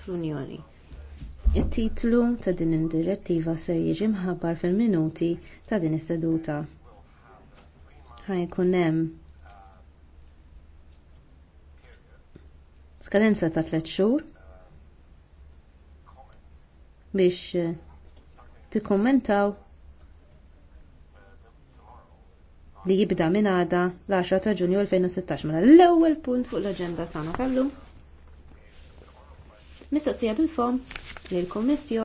fl-Unjoni. It-titlu ta' din id-direttiva ser jiġi mħabbar fil-minuti ta' din is-seduta. Ħajkun hemm skadenza ta' tliet xhur biex eh, tikkommentaw li jibda minn għada l-10 ta' ġunju 2016 mela l-ewwel punt fuq l-aġenda tagħna tal mistoqsija bil-fom lill-Kummissjoni.